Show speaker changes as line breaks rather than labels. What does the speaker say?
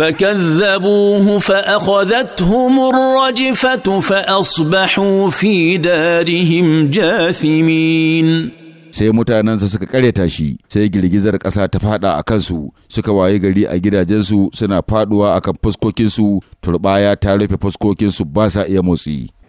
فكذبوه فاخذتهم الرجفه فاصبحوا
في دارهم جاثمين sai mutanensa suka karyata shi sai girgizar ƙasa ta fada a kansu suka waye gari a gidajensu suna faduwa akan fuskokinsu turbaya ta rufe fuskokinsu ba sa iya motsi